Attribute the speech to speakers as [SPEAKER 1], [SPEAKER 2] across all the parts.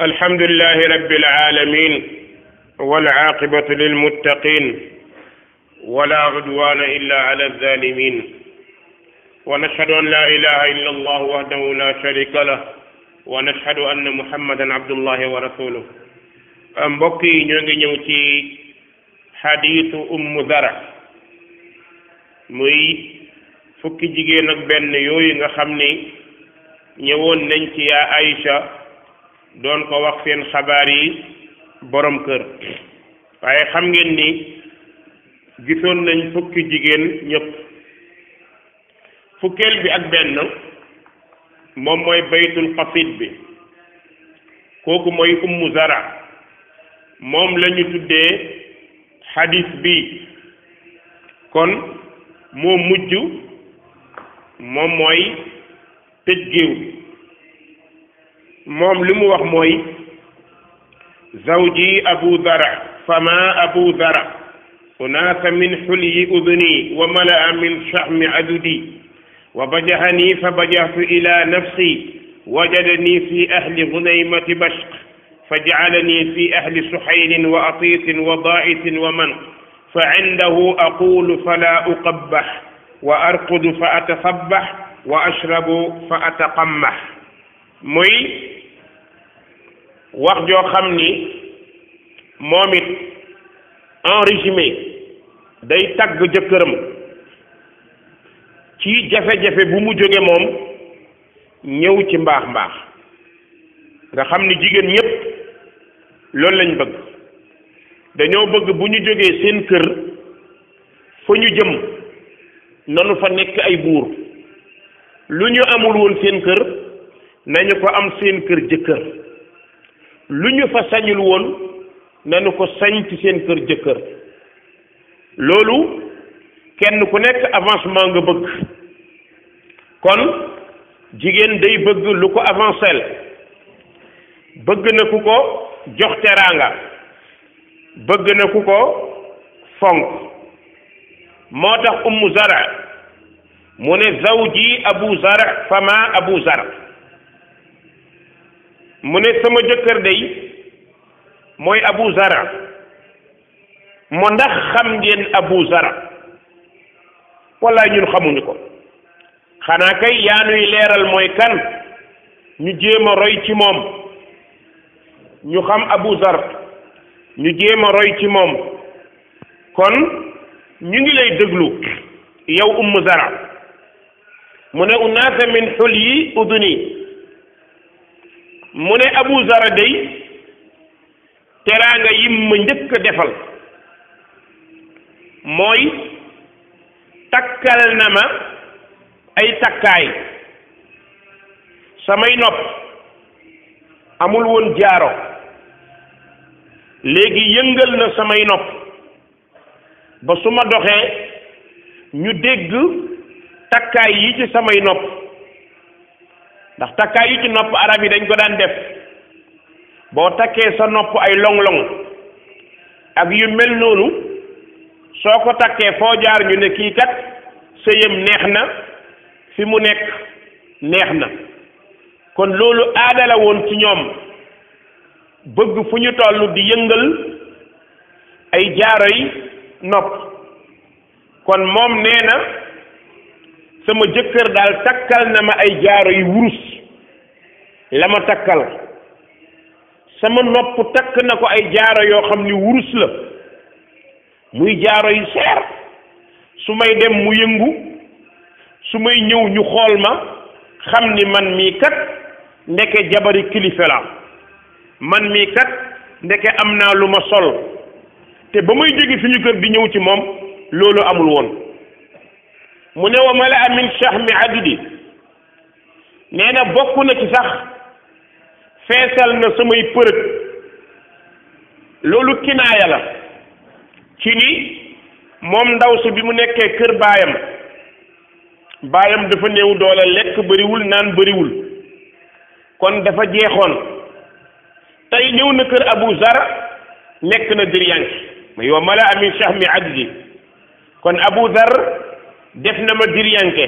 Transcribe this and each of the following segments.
[SPEAKER 1] الحمد لله رب العالمين والعاقبة للمتقين ولا عدوان إلا على الظالمين ونشهد أن لا إله إلا الله وحده لا شريك له ونشهد أن محمدا عبد الله ورسوله أم ñoo ngi ñëw ci xadiisu ummu dara muy fukki jigéen ak نخمني yooyu nga يا عائشه doon ko wax seen xabaar yi borom kër waaye xam ngeen ni gisoon nañ fukki jigéen ñëpp fukkeel bi ak benn moom mooy baytul xasid bi kooku mooy ummu zara moom lañu tuddee xadis bi kon moo mujj moom mooy tëj géew moom li mu wax mooy zawji abu dara fama abu dara unaasa min xulyi udni wa malaa min shahmi adudi wa bajahani fa bajahtu ila nafsi wajadani fi ahli hunaymati bashq فجعلني في أهل سحيل وأطيس وضائس ومنق فعنده أقول فلا أقبح وأرقد فأتصبح وأشرب فأتقمح muy wax joo xam ni moom it en day tagg jëkkëram ci jafe-jafe bu mu jóge moom ñëw ci mbaax mbaax nga xam ni jigéen ñépp loolu lañ bëgg dañoo bëgg bu ñu jógee seen kër fa ñu jëm nanu fa nekk ay buur lu ñu amul woon seen kër nañu ko am seen kër jëkkër lu ñu fa sañul woon nu ko sañ ci seen kër jëkkër loolu kenn ku nekk avancement nga bëgg kon jigéen day bëgg lu ko avancel bëgg na ku ko jox teraanga bëgg na ku ko fonk moo tax ummu zara mu ne ji abu zara fama abu zara mu ne sama jëkkër day mooy abu zara mu ndax xam ngeen abu zara wallaay ñun xamuñu ko xanaa kay yaa nuy leeral mooy kan ñu jéem a roy ci moom ñu xam abu zar ñu jéem a roy ci moom kon ñu ngi lay déglu yow umm zara mu ne unaasa min xul yi uduni mu ne abu zara day teraanga yim ma njëkk defal mooy takkal na ma ay takkaay samay nopp amul woon jaaro léegi yëngal na samay nopp ba su ma doxee ñu dégg takkaay yi ci samay nopp ndax takkaay yu ci nopp arab yi dañ ko daan def boo takkee sa nopp ay long-long ak yu mel noonu soo ko takkee foo jaar ñu ne kii kat sëyam neex na fi mu nekk neex na kon loolu aada woon ci ñoom bëgg fu ñu tollu di yëngal ay jaaro yi nopp kon moom nee na sama jëkkër daal takkal na ma ay jaaro yu wurus la ma takkal sama nopp takk na ko ay jaaro yoo xam ni wurus la muy jaaro yu seer su may dem mu yëngu su may ñëw ñu xool ma xam ni man mii kat ndeke jabari kilifa la man mii kat ndeke am naa lu ma sol te ba may jóge fi ñu kër di ñëw ci moom loolu amul woon mu ne wa mala amin chahmi adidi nee na bokk na ci sax feesal na samay përët loolu kinaaya la ci ni moom ndaw si bi mu nekkee kër baayam baayam dafa néew doole lekk bëriwul naan bëriwul kon dafa jeexoon tey ñëw na kër Abu Zar nekk na diriyànki muy wa mala amin chahmi adidi kon Abu Zar def na ma diryanke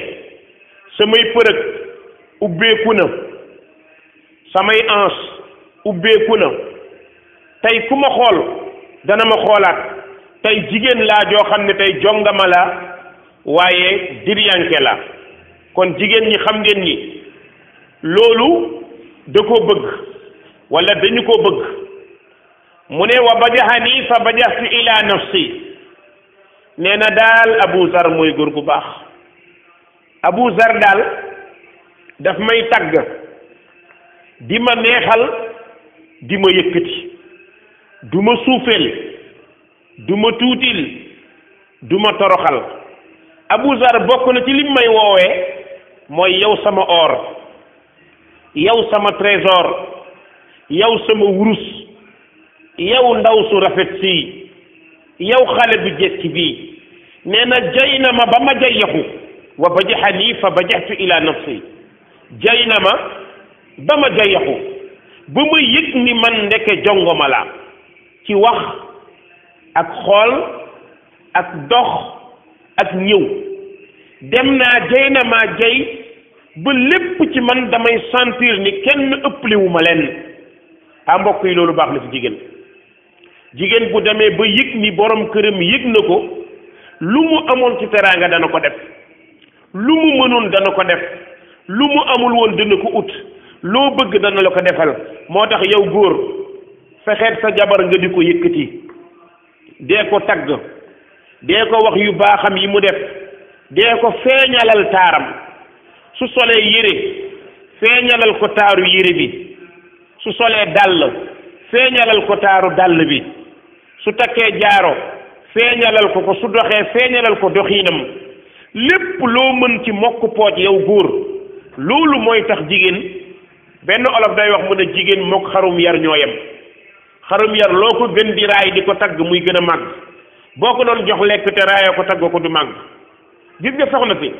[SPEAKER 1] samay përëg ubbeeku na samay ans ubbeeku na tey ku ma xool dana ma xoolaat tey jigéen laa joo xam ne tey jongama la waaye diryanke la kon jigéen ñi xam ngeen ni loolu da koo bëgg walla dañu ko bëgg mu ne waa bajaxani fa bajaxtu ila nafsi nee na daal Abu Zar mooy góor gu baax Abu Zar daal daf may tagg di ma neexal di ma yëkkati du ma suufeel du ma tuutil du ma toroxal Abu Zar bokk na ci lim may woowee mooy yow sama or yow sama trésor yow sama wurus yow ndaw su rafet si yow xale bu jekk bii nee na jay na ma ba ma jayaxu wa bajaxanii fa bajaxtu ila nafsi jay na ma ba ma jayaxu ba ma yëg ni man ndeke jongoma la ci wax ak xool ak dox ak ñëw dem naa jay na maa jay ba lépp ci man damay sentir ni kenn ëppaliwu ma leen ah mbokk yi loolu baax na fi jigéen jigéen bu demee ba yëg ni boroom këram yëg na ko lu mu amul ci teraanga dana ko def lu mu mënoon dana ko def lu mu amul woon dana ko ut loo bëgg dana la ko defal moo tax yow góor fexeet sa jabar nga di ko yëkkati dee ko tagg dee ko wax yu baaxam yi mu def dee ko feeñalal taaram su solee yére feeñalal ko taaru yére bi su solee dàll feeñalal ko taaru dàll bi su takkee jaaro feeñalal ko ko su doxee feeñalal ko doxiinam lépp loo mën ci mokk pooj yow góor loolu mooy tax jigéen benn olof day wax mu ne jigéen mook xarum yar ñoo yem xarum yar loo ko gën di raay di ko tagg muy gën a màgg boo ko doon jox lekk te raayoo ko tagg ko du màgg gis nga soxna si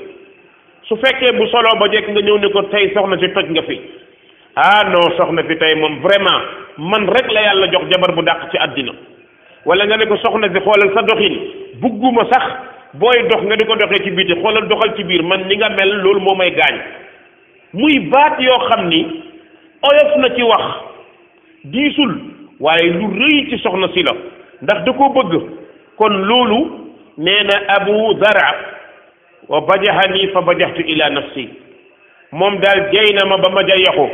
[SPEAKER 1] su fekkee bu solo ba jekk nga ñëw ne ko tey soxna si toj nga fi ah non soxna si tey moom vraiment man rek la yàlla jox jabar bu dàq ci àddina wala nga ne ko soxna si xoolal sa doxin bugguma sax booy dox nga di ko doxee ci biti xoolal doxal ci biir man ni nga mel loolu moo may gaañ muy baat yoo xam ni oyof na ci wax diisul waaye lu rëy ci soxna si la ndax da koo bëgg kon loolu nee na abu dara wa bajaxani fa bajaxtu ila nafsi moom daal jay na ma ba ma jayaxu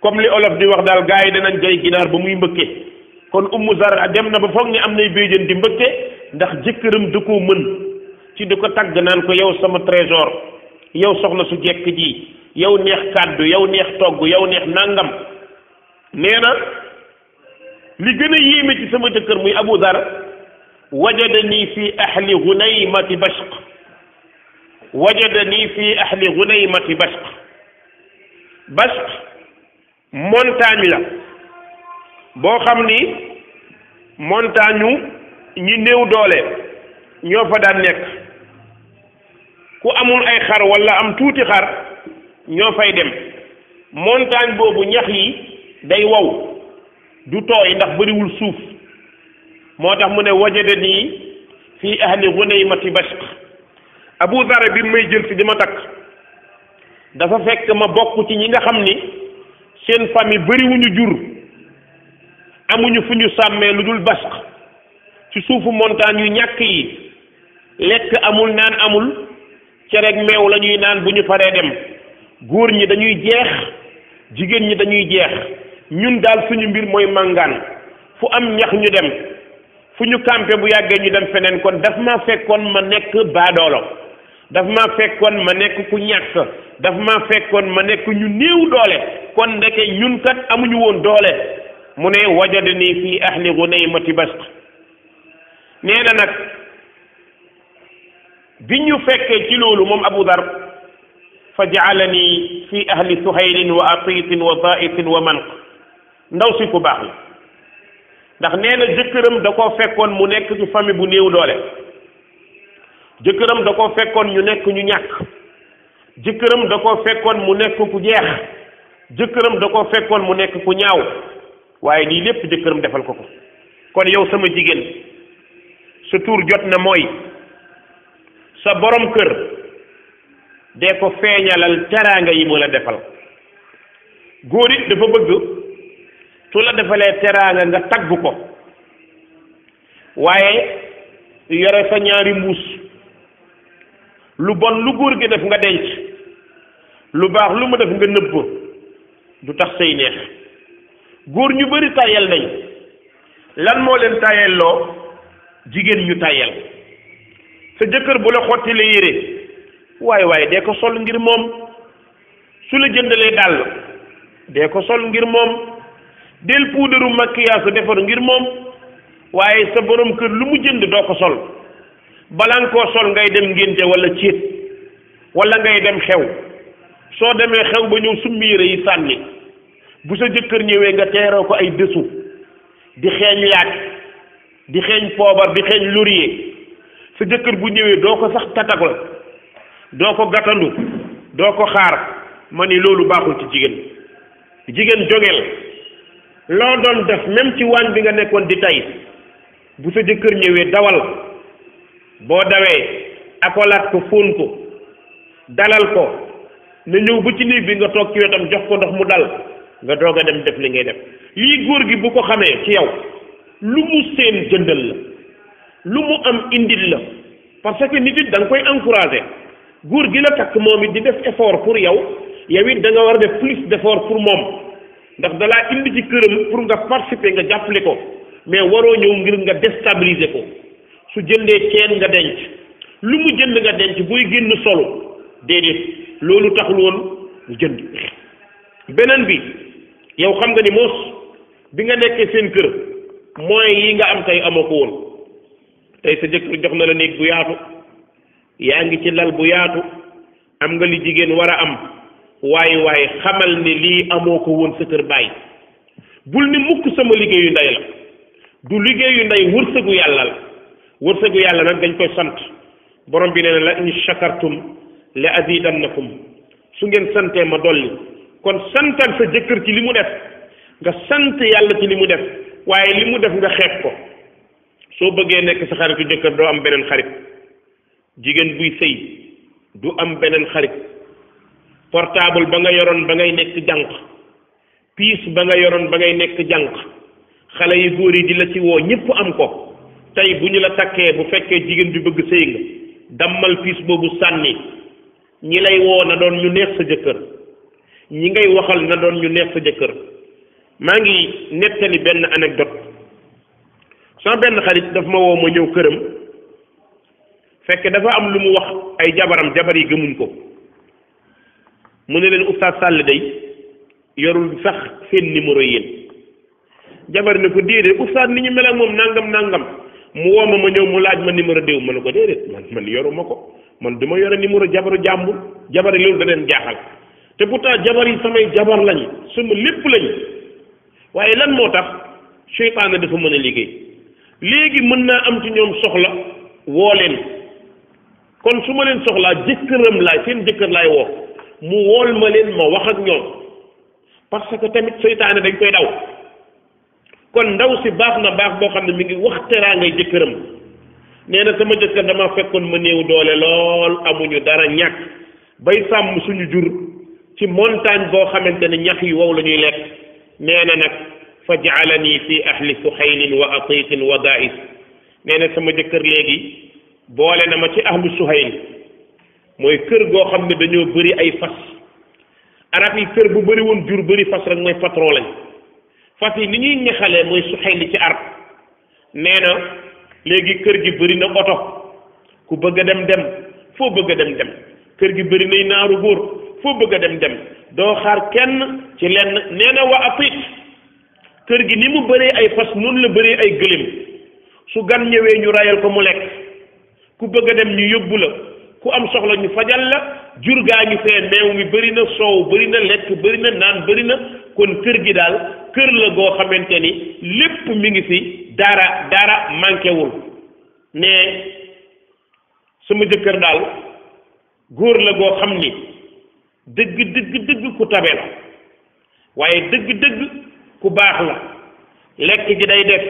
[SPEAKER 1] comme li olof di wax daal gars yi danañ jay ginaar ba muy mbëkke kon ummu zara dem na ba foog ni am nay béjjén di mbëgte ndax jëkkëram da koo mën ci di ko tagg naan ko yow sama trésor yow soxna su jekk ji yow neex kàddu yow neex togg yow neex nàngam nee na li gën a yéeme ci sama jëkkër muy abu zar wajadani fi ahli hunaymati bashq ni fi ahli hunaymati bashq bashq montagne la boo xam ni montagne ñi néew doole ñoo fa daan nekk ku amul ay xar walla am tuuti xar ñoo fay dem montagne boobu ñax yi day wow du tooy ndax bariwul suuf moo tax mu ne wajada nii fii ahli gunaymati bashq abu zar bi may jël si di ma takk dafa fekk ma bokk ci ñi nga xam ni seen famille bariwuñu jur amuñu fu ñu sàmmee lu dul basq ci suufu montagne yu ñàkk yi lekk amul naan amul cereeg meew la ñuy naan bu ñu paree dem góor ñi dañuy jeex jigéen ñi dañuy jeex ñun daal suñu mbir mooy màngaan fu am ñax ñu dem fu ñu campé bu yàggee ñu dem feneen kon daf maa fekkoon ma nekk baadoolo daf maa fekkoon ma nekk ku ñàkk daf ma fekkoon ma nekk ñu néew doole kon ndeke ñun kat amuñu woon doole mu ne nii fii ahli gunaymati basq nee na nag bi ñu fekkee ci loolu moom abu dar fa jaalani fii ahli suhaylin wa atiitin wa daitin wa manq ndaw si ku baax la ndax nee na jëkkëram da koo fekkoon mu nekk ci famille bu néew doole jëkkëram da koo fekkoon ñu nekk ñu ñàkk jëkkëram da koo fekkoon mu nekk ku jeex jëkkëram da koo fekkoon mu nekk ku ñaaw waaye lii lépp jëkkëram defal ko ko kon yow sama jigéen sa tuur jot na mooy sa boroom kër dee ko feeñalal teraanga yi mu la defal góor it dafa bëgg su la defalee teraanga nga tagg ko waaye yore sa ñaari mbuus lu bon lu góor gi def nga denc lu baax lu ma def nga nëbb du tax say neex góor ñu bari tayel nañ lan moo leen tayelloo jigéen ñu tayel sa jëkkër bu la xotti la yére waaye waaye dee ko sol ngir moom su la jëndalee dàll de ko sol ngir moom del puudaru maquillage sa defar ngir moom waaye sa boroom kër lu mu jënd doo ko sol balaa nga koo sol ngay dem ngénte walla céet walla ngay dem xew soo demee xew ba ñëw summi yére yi sànni bu sa jëkkër ñëwee nga teeroo ko ay dësu di xeeñ laaj di xeeñ poobar di xeeñ laurier sa jëkkër bu ñëwee doo ko sax tatagal doo ko gàttandu doo ko xaar ma ni loolu baaxul ci jigéen jigéen jógeel loo doon def même ci waañ bi nga nekkoon di tey bu sa jëkkër ñëwee dawal boo dawee akolaat ko fóon ko dalal ko na ñëw ba ci néeg bi nga toog ci wetam jox ko ndox mu dal nga doog a dem def li ngay def lii góor gi bu ko xamee ci yow lu mu seen jëndal la lu mu am indil la parce que nit it da nga koy encourager góor gi la takk moom it di def effort pour yow yow it da nga war a def plus d'effort pour moom ndax dalaa indi ci këram pour nga participer nga jàppale ko mais waroo ñëw ngir nga déstabiliser ko su jëndee ceen nga denc lu mu jënd nga denc buy génn solo déedéet loolu taxul woon mu jënd beneen bi yow xam nga ni moos bi nga nekkee seen kër moyens yi nga am tey amoo ko woon tey sa jëkkër jox na la néeg bu yaatu yaa ngi ci lal bu yaatu am nga li jigéen war a am waaye waaye xamal ni lii amoo ko woon sa kër bàyyi bul ni mukk sama liggéeyu ndey la du liggéeyu ndey wërsëgu yàlla la wërsëgu yàlla nag dañ koy sant borom bi nee na la in shakartum la azidannakum su ngeen santee ma dolli kon santal sa jëkkër ci li mu def nga sant yàlla ci li mu def waaye li mu def nga xeeb ko soo bëggee nekk sa xaritu jëkkër doo am beneen xarit jigéen buy sëy du am beneen xarit portable ba nga yoroon ba ngay nekk jànq piis ba nga yoroon ba ngay nekk jànq xale yi góor yi di la ci woo ñëpp am ko tey bu ñu la takkee bu fekkee jigéen bi bëgg sëy nga dammal piis boobu sànni ñi lay woo na doon ñu neex sa jëkkër ñi ngay waxal na doon ñu neex sa jëkkër maa ngi nettali benn anecdote sama benn xarit daf ma woo ma ñëw këram fekk dafa am lu mu wax ay jabaram jabar yi gëmuñ ko mu ne leen oustaz Sall day yorul sax seen numéro yéen jabar ne ko déedéet oustaz ni ñu mel ak moom nangam nangam mu woo ma ma ñëw mu laaj ma numéro déw ma ne ko déedéet man man yoruma ko man duma yor yore numéro jabaru jàmbur jabar yi loolu da leen jaaxal. te pourtant jabar yi samay jabar lañu suma lépp lañu waaye lan moo tax seytaane dafa mën a liggéey léegi mën naa am ci ñoom soxla woo leen kon su ma leen soxlaa jëkkëram laay seen jëkkër laay woo mu wool ma leen ma wax ak ñoom parce que tamit seytaane dañ koy daw kon ndaw si baax na baax boo xam ne mi ngi wax teraangay jëkkëram nee na sama jëkkër dama fekkoon ma néew doole lool amuñu dara ñàkk bay sàmm suñu jur ci montagne boo xamante ñax yu wow la ñuy lekk nee na nag fi ahli suhaylin wa atiqin wa daais nee na sama jëkkër léegi boole na ma ci ahlu suhayl mooy kër goo xam ne dañoo bëri ay fas arab yi kër bu bëri woon jur bëri fas rek mooy patron lañ fas yi ni ñuy ñaxalee mooy suhayl ci arab nee na léegi kër gi bëri na oto ku bëgg a dem dem foo bëgg a dem dem kër gi bëri nay naaru góor foo bëgg a dem dem doo xaar kenn ci lenn nee na wa atit kër gi ni mu baree ay fas noonu la bëree ay gëléem su gan ñëwee ñu rayal ko mu lekk ku bëgg a dem ñu yóbbu la ku am soxla ñu fajal la jur gaa ngi fee meew mi bëri na soow bëri na lekk bëri na naan bëri na kon kër gi daal kër la goo xamante ni lépp mi ngi fi dara dara manqué wul ne sama jëkkër daal góor la goo xam ni dëgg dëgg dëgg ku tabe la waaye dëgg dëgg ku baax la lekk gi day def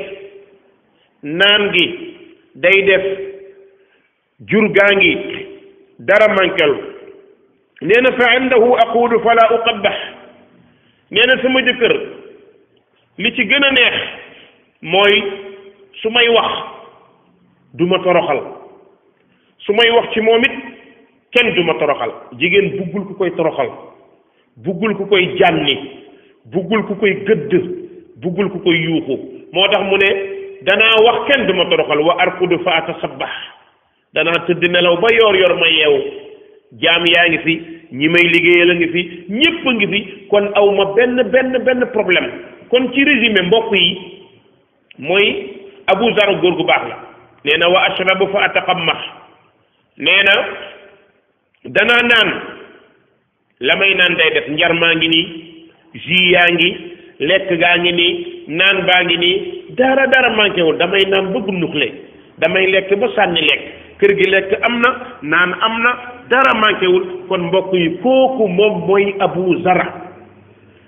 [SPEAKER 1] naan gi day def jur gaa ngi dara mankel nee na fa indahu aqulu jëkkër li ci gën a neex mooy su may wax duma toroxal su may wax ci moom it kenn du ma toroxal jigéen buggul ku koy toroxal buggul ku koy jànni buggul ku koy gëdd buggul ku koy yuuxu moo tax mu ne danaa wax kenn du ma toroxal wa arkudu a atasabbah danaa tëdd nelaw ba yoor yor ma yeewu jaam yaa ngi fi ñi may liggéeyal a ngi fi ñépp ngi fi kon aw ma benn benn benn problème kon ci résumé mbokk yi mooy Abu Zar góor gu baax la nee na wa ashrabu fa ataqammax nee na danaa naan la may naan day def njar maa ngi nii jus yaa ngi lekk gaa ngi nii naan baa ngi nii dara dara manqué wul damay naan ba gunduxle damay lekk ba sànni lekk kër gi lekk am na naan am na dara manqué wul kon mbokk yi kooku moom mooy abu zara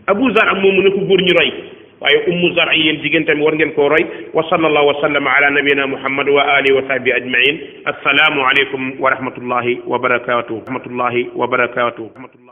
[SPEAKER 1] abu zara moomu ne ko góor ñu rey waaye ummu zar yi yéen jigéen tamit war ngeen koo roy wa sallallahu wa sallam ala nabiyina muhammad wa alihi wa sahbihi ajmain assalaamu aleykum wa rahmatullahi wa barakatuh rahmatullahi wa barakatuh